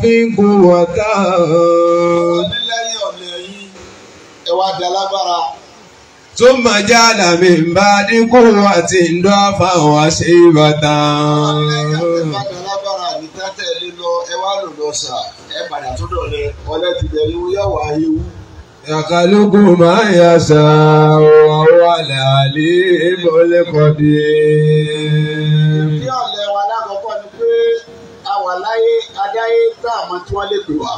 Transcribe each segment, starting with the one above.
fi ń kun wọ̀tá. Onílẹ̀yìn ọ̀nà yìí ẹ wá da lágbára. Tó máa já àdàmì ń bá dínkù àti ìdọ́ àfàwọ̀ àṣẹ ìbàdàn. Onílẹ̀yìn ọ̀nà yìí lágbára ní tátẹ̀lé lọ ẹ wá lò padà tó dọ̀lẹ́ ọlẹ́ ti bẹ̀rẹ̀ wú yẹ̀wò ayé wú. Yàkálùkù máa ń yàṣà ọ̀rọ̀ àlàálí ìbọ̀lẹ́kọ̀dé. láyé adáyé tá a mọ tí wọ́n lè pè wá.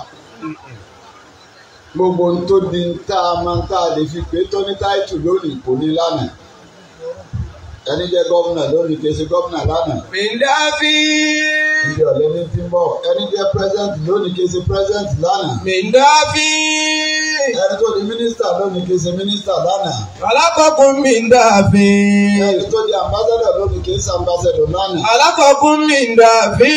gbogbo ń tó di tá a mọ tá a lè fi pé tó táìtù lónìí kò ní lánàá ẹni jẹ gómìnà lónìí kì í ṣe gómìnà lánàá. mìndáfí. ìdí ọ̀lẹ́ ní ti ẹni jẹ pírẹsidẹ́ǹtì lónìí kì í ṣe pírẹsidẹ́ǹtì lánàá. mìndáfí. ẹni tó di mínísítà lónìí kì í ṣe mínísítà lánàá. alákọ̀ọ́kùn mìndáfí. ẹni tó di àmbásẹ́dọ̀ lónìí kì í ṣe àmbásẹ́dọ̀ lánàá. alákọ̀ọ́kùn mìndáfí.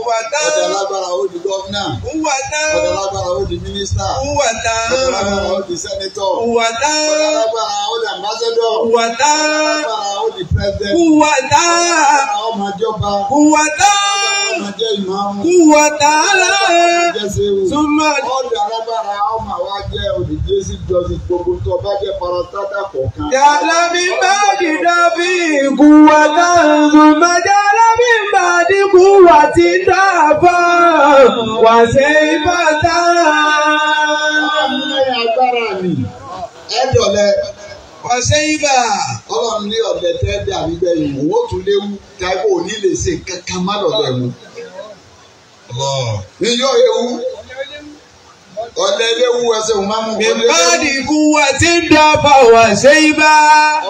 Uwata. Ọ̀dọ̀ lágbára ó di gọ́fínà. Uwata. Ọ̀dọ̀ lágbára ó di mínísítà. Uwata. Ọ̀dọ̀ lágbára ó di sẹ́nitọ̀. Uwata. Ọ̀dọ̀ lágbára ó di ambassador. Uwata. Ọ̀dọ̀ lágbára ó di president. Uwata. Ọ̀dọ̀ ọmọ ìjọba. Uwata. Ọmọdé ìmáàmù. Uwata. Ọmọdé sẹ́wù. Súnmọ́. Ọ̀dọ̀ alágbára ọmọ àwa jẹ́ olùdíje sí jọ́sí gbogbo tó bá jẹ́ parasátà kọ̀ọ̀kan. Yàrá mi máa dìdá àdínkù wà tí tá a bọ̀ wà sí ìbátá. ẹ̀dọ̀lẹ̀ ọ̀sẹ̀ ibà ọlọ́run ní ọ̀bẹ tẹ́ dàbí gbẹ̀yìn owó tún léwu táìpọ̀ òní lè ṣe kankan má lọ́dọ̀ ẹ̀wù. iyọ̀ ewu ọ̀lẹ́ léwu ẹsẹ̀ òun máa mú. bíbáàdì kú wa ti ń wà sí ibà.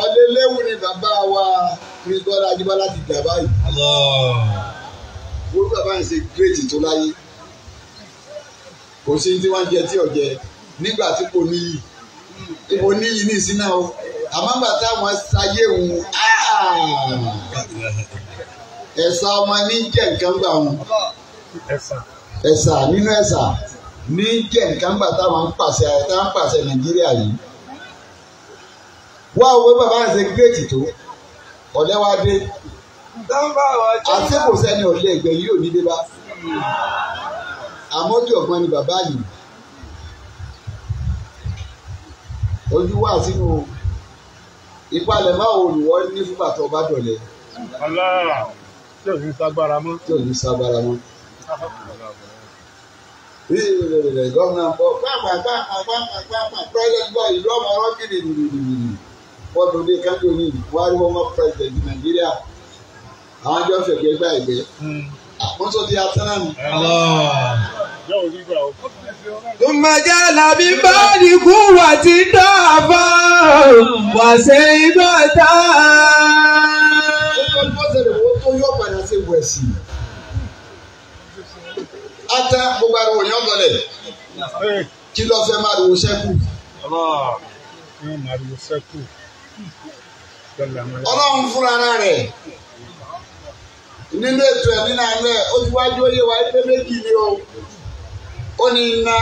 ọ̀lẹ́ léwu. Chris Bọ́lá Adébọ́lá ti dà báyìí. wọ́n bàbá yẹn ṣe gírètì tó láyé kò sí tí wọ́n jẹ tí ò jẹ nígbà tí kò níyì ipò níyì ní ìsínà o àmọ́ gbà táwọn ṣayé òun ẹ̀sà ọmọ ní jẹ́ nǹkan gbà wọn ẹ̀sà nínú ẹ̀sà ní jẹ́ nǹkan gbà táwọn ń pàṣẹ táwọn ń pàṣẹ Nàìjíríà yìí wá owó bàbá yẹn ṣe gírètì tó ọ̀lẹ́ wa dé àti kò sẹ́ni ọ̀lẹ́ ẹgbẹ́ yìí ò ní dé bá àmọ́dé ọ̀gbọ́n ni bàbá yìí ojú wà sínú ìpalẹ̀mọ́ olùwọ́ ní fún bàtà ọba dọ̀lẹ́. ọlọ́run tí ò ní sagbára mọ́. tí ò ní sagbára mọ́ gọ́ọ̀nà bọ̀ pàápàá pàápàá pàápàá pàápàá pírẹ́sìdẹ̀ntì bọ̀ ìlú ọmọ ọlọ́gìrì nìyí wọ́n tó dé kájọ wọ́n rí wọn president nàìjíríà àwọn jọ fẹ̀gbẹ́ gbà ẹ̀gbẹ́ wọ́n tó di atánà mi. Mọ̀jẹ́ làbí báàdì kú wà tí dáàbà wà ṣe igbó ta. Ata gbogbo ariwo ni ọ̀gbọ̀n lẹ̀ kí ló fẹ́ máa riwo sẹ́kù ọlọ́run fúnra rẹ̀ nínú ètò ẹ̀mí náà rẹ̀ ó ti wájú oyè wa ẹgbẹ́ méjì ni o ó ní iná.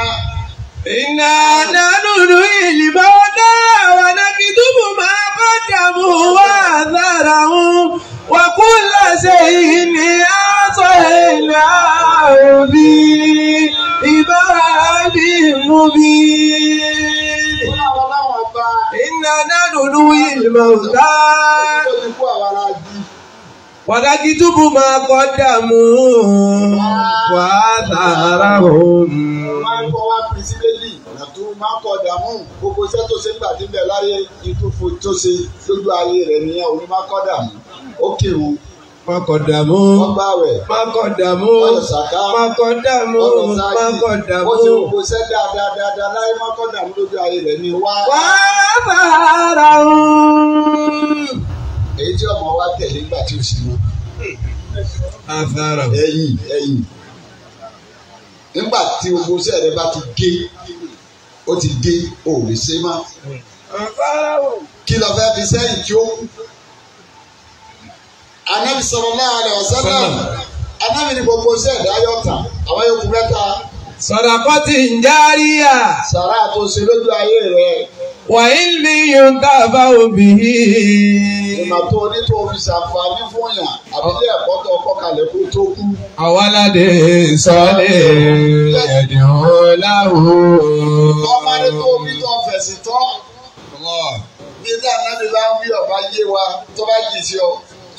iná nánúnú ìlìbọn ọdọ àwọn anákìtúbù máa kọ́ dààmú wá àzára wọn wà kú làṣẹ yìí ní àtọ ìlà òbí ìbára bí mú bí iná nánúlú ìlmọ̀ òtá. Wàdájí túbú máa kọ́ dààmú wà á tààrà òun. Máa ń kọ́ wá fi sí bẹ́lí, àtú máa ń kọ́ dààmú. Gbogbo iṣẹ́ tó ṣe ń gbà tí ń tó ṣe lójú ayé rẹ̀ nìyẹn, òun máa kọ́ dààmú. Ó kírun. Makọ̀dàmú. Wọ́n bá wẹ̀. Makọ̀dàmú. Wọ́n yọ sàká. Makọ̀dàmú. Wọ́n yọ sáàjì. Makọ̀dàmú. Wọ́n ti ń kó sẹ́ dáadáa dáadáa láyé makọ̀dàmú lójú ayé rẹ̀ ni wá. Wá bàrà òun. Èyí tí ọmọ wa tẹ̀lé nígbà tí o sì mú. Afárá. Ẹ̀yìn ẹ̀yìn. Nígbà tí gbogbo sẹ́ rẹ bá ti gé, o. ti gé, ò lè ṣe má. Afárá wò. Kí lọ fẹ́ fi sẹ́yìn tí ó kú anabi sallallahu alaihi wasallam anabi ni gbogbo iṣẹ́ ìdáyọ̀ kan àwọn yòókù mẹ́ta. sọ̀dàkọ́tì ń járíyà. sàrà tó ṣe lójú ayé rẹ̀. wàyí ni yóò dábàá òbí. ìmọ̀ tó ní tó fi ṣàǹfààní fún yàn àbílẹ̀ ẹ̀kọ́ tó kalẹ̀ kó tó kú. àwaládé sọlẹ̀ ẹ̀dùn láwùú. ọmọdé tó bí tó fẹ̀sìn tán. ilé àná mi bá ń wí ọba yé wa tó bá yìí sí ọ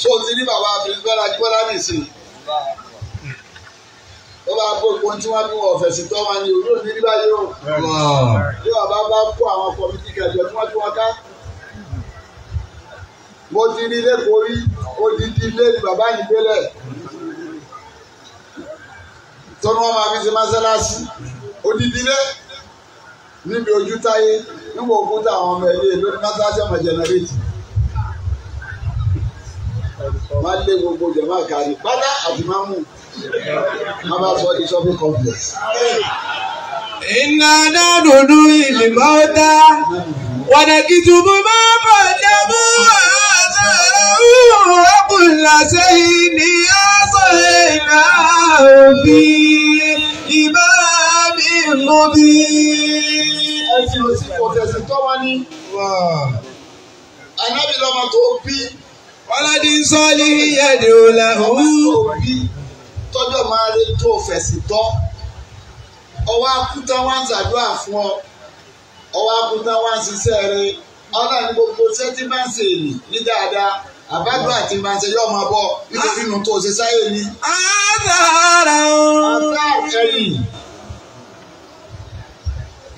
ṣé o ti rí bàbá abirigbọ́lá jíbọ́lá nìsín ó bá kó ìpon tí wọ́n bí wọn ọ̀fẹ́ sí tọ́ wọn ni òun yóò ní rí báyìí o bí bàbá bá kó àwọn kọ̀mítì kẹjọ tí wọ́n bí wọn ká mo ti rí lẹ́kọ̀ọ́ rí odidi ilé ni bàbá yìí gbélẹ̀ tọ́nu wọn máa fi ṣe mọ́sálásí odidi ilé níbi ojú táyé nígbà òkúta àwọn ọmọ ẹ̀lẹ́ lórí mọ́sálásí ọmọ jẹnẹrétì máa lé gbogbo jọ̀mọ́ àkàrí pátá àti máa mú máa bá sọ di shopping complex. iná náà dùnú ìlú máa dá wàdàkì tùbú máa bọ̀ dábò àtàràwù ọ̀kùnlá sẹ́yìn ní àṣẹ ìlà òfin ìbá mi mọ́ bí. ẹ̀sìn òsì kò tẹ̀sí tọ́ wa ní. Ànábì tó bí wọ́ládì ń sọ ní yẹ́dì òlà òun. tọ́jọ́ máa rí tó fẹ̀sì tọ́ ọwọ́ akúta wá ń ṣàdúrà fún ọ ọwọ́ akúta wá ń ṣiṣẹ́ rẹ ọlọ́run gbogbo sẹ́tí èlì ní dáadáa àbájọ àti màṣẹ yóò máa bọ nítorí inú tó ṣe sáyé ni. àtàrà ọ̀tá ẹ̀yìn.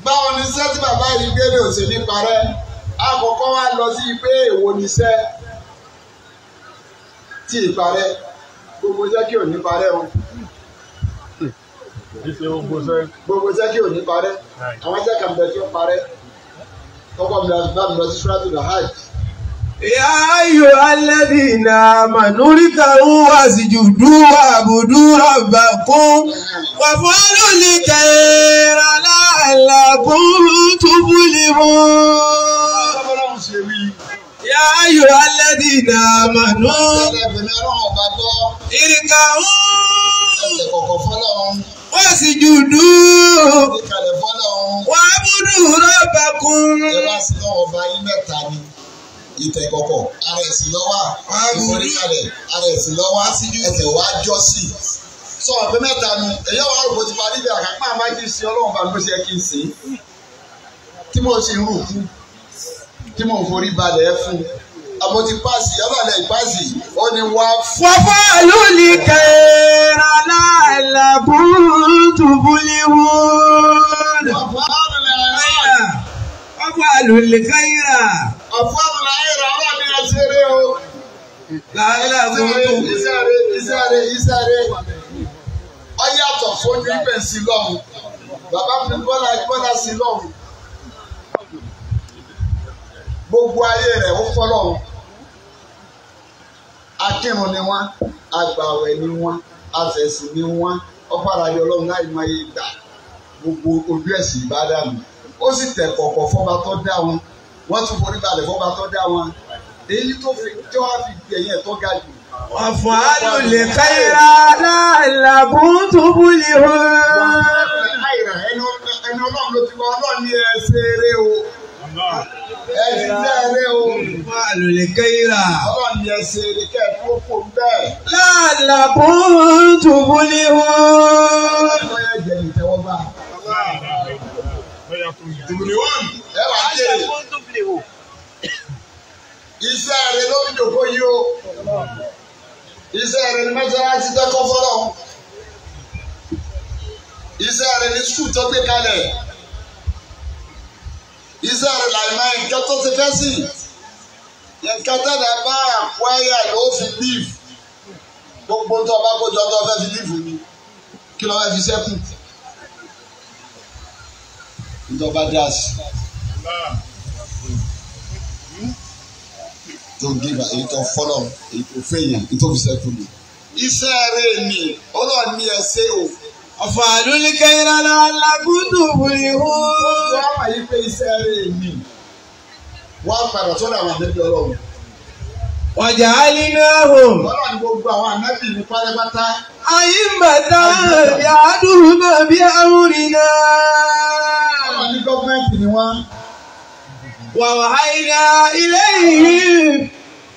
báwo ni iṣẹ́ tí bàbá yìí gbé ní òṣèlú parẹ́ àkọ́kọ́ wa lọ sí pé èwo ni iṣẹ́ tí ì parẹ́ gbogbo jẹ́ kí òní parẹ́ o. gbogbo jẹ́ kí òní parẹ́ àwọn jẹ́ kàn bẹ̀ kí ó parẹ́ ọkọ̀ mi bá mi lọ sí ṣúra tó lọ hajj. Ya ayo alladhina amanu rikau wasjudu wa'budu rabbakum waf'alu l-khayra la'allakum tuflihun. Bọ́lá ń ṣe wí. Yá ayò alẹ́ ní ìdá àmàlú. Ìrìkà ń. Ẹsẹ̀ kọ̀kọ̀ fọlọ́run. Wọ́n sì jùdú. Ìkàlẹ̀ fọlọ́run. Wọ́n á múdù rọ́bà kún. Ẹ bá sí náà ọba yín mẹ́ta ara ẹ̀sìn lọ́wọ́ ìforíkalẹ̀ ẹ̀sẹ̀ wá jọ sí sọ ọ̀pẹ mẹ́ta nu ẹ̀yọ́ wa rògbò ti parí bí àkàpá àmájí sí ọlọ́run bá gbé ṣe kí n sè é tí mo ṣe ń rò fún tí mò ń forí balẹ̀ fún àmọ́ ti páàsì abalẹ̀ ìpáàsì ó ní wá. wọ́pọ̀ lóòlì kẹ́ẹ̀rọ aláìlábù tùbúlíwò. wọ́pọ̀ lóòlì kẹ́ẹ̀rọ. ọ̀pọ̀ àbúláyẹ̀rọ àwọn àmì ẹ̀ṣẹ̀rẹ̀ o. láìlábù tó. ìsàrè ìsàrè ìsàrè ọ yàtọ̀ fún ní bẹ̀ẹ̀ sí lọ́hùn bàbá fún bọ́lá bọ́lá sí lọ́hùn gbogbo ayé rẹ̀ ó fọ́lọ́run akírun ni wọ́n agbàwẹ̀ ni wọ́n afẹ̀sìn ni wọ́n ọ̀páradì ọlọ́run láì máa yé gbà gbogbo ojú ẹ̀sìn ìbàdàn ó sì tẹ̀ kọ̀kọ̀ fọ́ba tó dá wọn wọ́n tún forí balẹ̀ fọ́ba tó dá wọn èyí tó fi tí wọ́n fi gbẹ̀yìn ẹ̀ tó ga jù Àfọ̀hálò lè káyìrá láàlàbùn tó búlì hó. Ẹni ọlọ́run ló ti wọ ọlọ́run ní ẹ ṣeré o ẹ ti sẹ́ẹ̀rẹ́ o. wà á lò lè kẹ́ ìrà. ṣe eré kẹ́ ẹ̀ fún òkú bẹ́ẹ̀. láàlà kún tùbú ní wọn. ọlọ́run yẹn jẹ̀ ní tẹ́wọ́gbà. tùbú ní wọn. ẹ wà á jèrè. iṣẹ́ rẹ ló ń jòkó yìí o. iṣẹ́ rẹ ni mẹ́sàlásí tẹ́kọ̀ fọ́lọ́. iṣẹ́ rẹ ni sùkúù tó gbé kalẹ̀ iṣẹ́ rẹ̀ làìmọ́ nǹkan tó ti fẹ́ sí nǹkan tẹ̀lé bá àkúáyà ló fi leave gbogbo tó ọba kó jọ tó fẹ́ fi leave ni kí ló fẹ́ fi sẹ́kù ìjọba dá sí tó ń gbéra èyí tó fọlọ́ èyí tó fẹ̀yàn èyí tó fi sẹ́kù ni. iṣẹ́ ni ọlọ́ọ̀ni ẹ̀ ṣe òkú. Àfàlúlí kẹ́yìnrán náà lágúndù wúri hó. Wọ́n wà yí pé iṣẹ́ rẹ̀ mi. Wọ́n á padà sọ́dọ̀ àwọn àdébí ọlọ́run. Ọ̀jà Alínáhò. Ọlọ́run ni gbogbo àwọn ànábì mi pátápátá. Ayé ń bàtà bí àádúrú náà bí àwùrì náà. Ọlọ́run ní gọ́ọ̀mẹ̀ntì ni wọ́n. Wàhálà ilé yìí.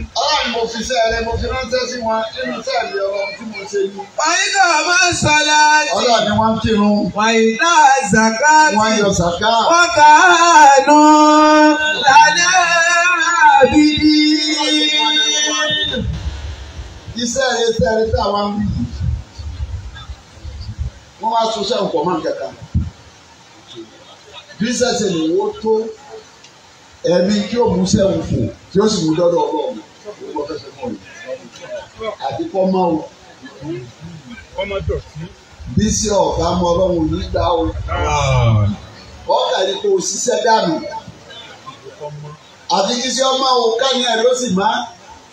ọlọ́run mo fi sẹ́ rẹ mo fi ránṣẹ́ sí wọn nínú sẹ́ẹ̀lì ọ̀rọ̀ tí mo ṣe yìí. wàyí náà máa ń sọlá. ọlọ́run ni wọ́n ń kírun. wàyí náà zàká. wọ́n yọ zàká. wọ́n kà á nù lálẹ́ àbídí. iṣẹ́ rẹ iṣẹ́ rẹ tí àwa ń wí yìí wọ́n wá so sẹ́wọ̀n pọ̀ máa ń kẹta. bí sẹ́sẹ̀ lè wó tó ẹ̀mí kí òun sẹ́wọ̀n fò tí ó sì mú dọ́dọ̀ ọlọ́run gbogbo fẹsẹ̀ mọ́ rẹ̀ àti kọ́ o, o. ọmọ dọ̀tí. bí sí ọ̀gá mọ ọlọ́run ní gbà o. ọkà ah. yìí kò ṣiṣẹ́ dànù. àti kí sí ọmọ o káyìn rẹ̀ ó sì má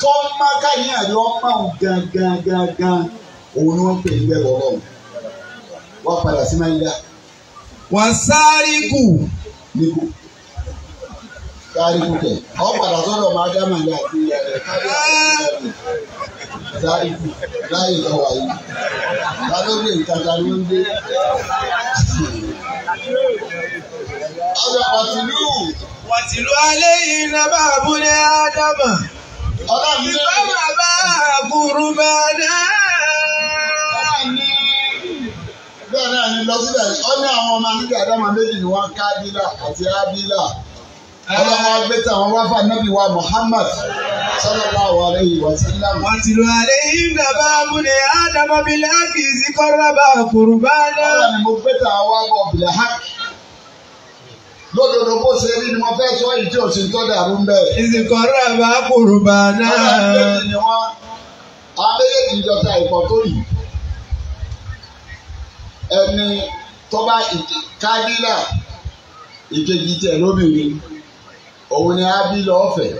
kọ́ má káyìn rẹ̀ ọmọ o gangan gangan òun ni wọ́n pè ní bẹ́ẹ̀ ọlọ́run. wọ́n padà sí máa ń yá. wọ́n sáré kù sáríkù kẹ̀ ọ́ padà sọ́dọ̀ ọmọ ádámà ní àti ìyá rẹ̀ kárí àti ìyá rẹ̀ sáríkù láyé lọ́wọ́ yìí lálóbìnrin ìtajà ló ń dé. ọjọ́ pàtìlú. pàtìlú alẹ́ yìí ná bá abúlé ádámà. ọlọ́run ní bá bàbá kúrú bá dá. bẹ́ẹ̀ náà ni lọ síbẹ̀ ọ́ ní àwọn ọmọ nígbà ádámà méjì ni wọ́n ká bílà àti ábílà ọlọ́wọ́ gbé tàwọn wáfà nábì wa Muhammad sallallahu alayhi wa sallam. wọ́n ti lu alẹ́ yìí bàbá abúlé ádámọ́ bílẹ̀ ákì sí kọ́rọ́bà kùrùbá náà. ọlọ́ni mo gbé tàwọn wáfà bílẹ̀ ákì lódodo bó ṣe ni wọ́n fẹ́ sọ èyí tí ò sí tọ́jà ló ń bẹ̀. ìsìnkọ́rọ́ bá kùrùbá náà. àwọn méjèèjì ìjọta ìkọ́ tó yìí ẹni tọ́ba ìkejì tẹ̀ lóbìnrin. òun ni ábílà ọ̀fẹ́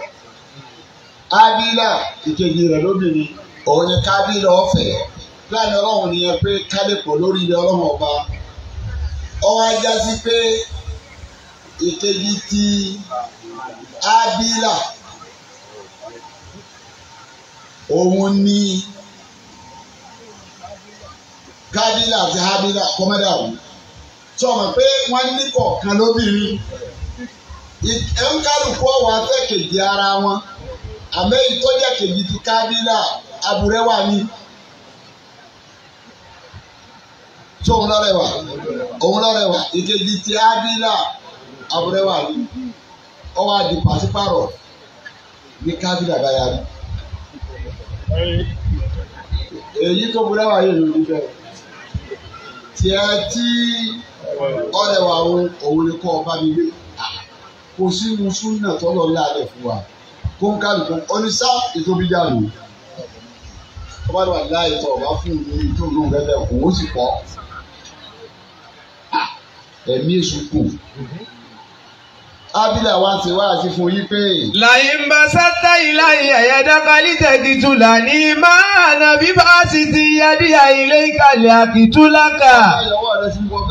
ábílà ìkejì rẹ̀ lóbìnrin òun ni kábílà ọ̀fẹ́ láàrin ọlọ́run nìyẹn pé kálípò lórí ilé ọlọ́run ọba ọwọ́ ajá sí pé ìkejì ti Abila òun ni kábílà àti ábílà kọ́mẹ́dà wù pé wọ́n ní kọ̀ọ̀kan lóbìnrin. ẹnkálùkù ọwọ́ afẹ́ kejì ara wọn àmọ́ ìtọ́jà kejì ti kábílà aburẹ́wà ni. tó òun lọ́rẹ̀wà òun lọ́rẹ̀wà ìkejì ti ábílà aburẹ́wà ni ọwọ́ àdì pàṣípàrọ̀ ní kábílà báyà ni. èyí tó burẹ́wà yìí ló ń bẹ̀rẹ̀ tiẹ̀ tí ọ̀rẹ́wà òun ni kọ́ ọ mi gbé kò sí musulmi náà tọ́lọ̀ láàlẹ̀ fún wa kó ń kálukú oníṣà ìtóbi dànù ọba náà láàyè tó ọba fún mi tó lóun gẹ́gẹ́ kò ó sì pọ̀ ah, ẹ̀mí èṣù kù. Abila wa ti wá àti fún yí pé. Làyín bá sátá ilá ìyàyà dákàlí tẹ̀kìtùlà ní máa nà bí bá sì ti yá díyà ilé ìkàlẹ̀ àkìtúlákà. Báyọ̀ wà lọ sí wọ́n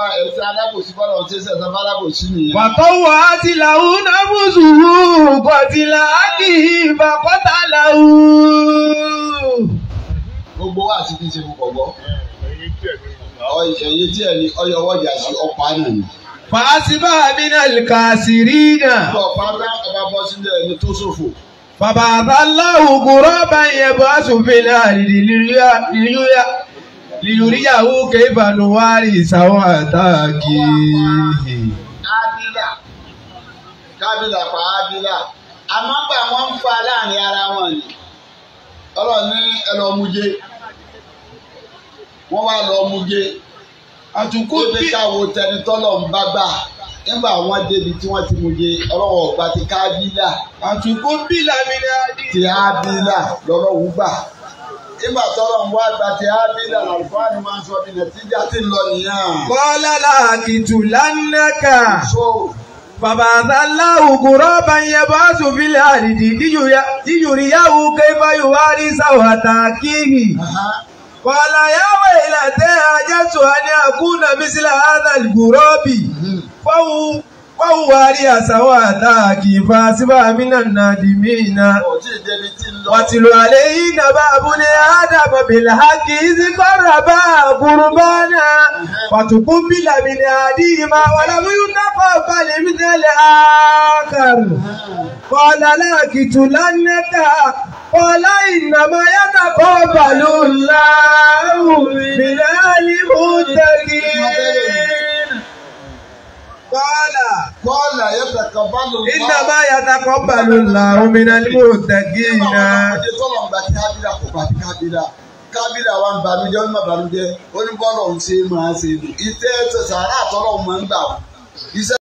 bá ẹ̀rù tí alábòsí bọ́lá ọ̀hún ti ṣe ẹ̀sán fálábòsí nìyẹn. wàtọ́wọ́ àti làwọn nábùsù kì í bàkọ́tà làwọn. gbogbo wa àti kí n ṣe mú kọ̀gbọ́. ẹ̀yẹ tí ẹ̀ ní ọyọ wọ́jà sí ọ̀pá náà ni. fàásìbà minal kasirina. ọ̀pá bá ọba bọ́ sílẹ̀ ẹni tó ṣòfò. Bàbá àbáláwo gùrọ́bà yẹn bọ́ àsùnfẹ́lẹ́ àdìdì lílúyà lìyòríyàwó kébànú wárì sáwọn àtàkì. ábílà kábílà pa ábílà àmọ́ gbà ń fa láàrin ara wọn ni ọlọ́run ní ẹlọ́mújẹ wọ́n wá lọ́mújẹ àtúnkù bí káwọ tẹni tọ́lọ̀ ń bá gbà nígbà wọn débi tí wọ́n ti mú jẹ ọlọ́wọ́ ọgbà ti kábílà àtúnkù bí làmìnira ti ábílà lọ́lọ́wọ́ gbà nígbà tọ́lọ̀ ń wá ìgbà tí ábílà làlùfáà ni wọ́n á sọ bí nàìjíríà ti ń lọ nìyẹn. kọ́lá làkìtù lánàkà. فبعث غرابا يبعث في الأرض ليريه كيف يواري سوءة أخيه قال يا ويلتي أجدت أن أكون مثل هذا الغراب فهو wáwúwárí àsáwà láàkì fàásíbà mínàna dìmínà. wàtìlù àlẹ́ yìí nàbà abúlé ádámà bìlà hákì ìsìkọ́ra bá àkùrùbánà. wàtùkú bìlà bìlà àdìmà wàlámúyú náfà balẹ̀ mítẹ́lẹ̀ ákàrù. kọ́lá láàkì tùlá nẹ́ta. Ọlá ìnàmọ́ yàtọ̀ bọ́ bàlú ńlá, òun ìbílẹ̀ àlìmú tẹ̀lé. Kọ́là. Kọ́là yẹ kàkà bá lò lọ. Iná bá yàtà kọ́ bá lò là omi náà ní mò ń tẹ̀gí iná. Ọmọdé tó lọ ń gba kábílà kò Ó ní bọ́lọ̀ ń ṣe máa ṣe lò. Iṣẹ́ sàrà àtọ́lọ́ máa ń gbà.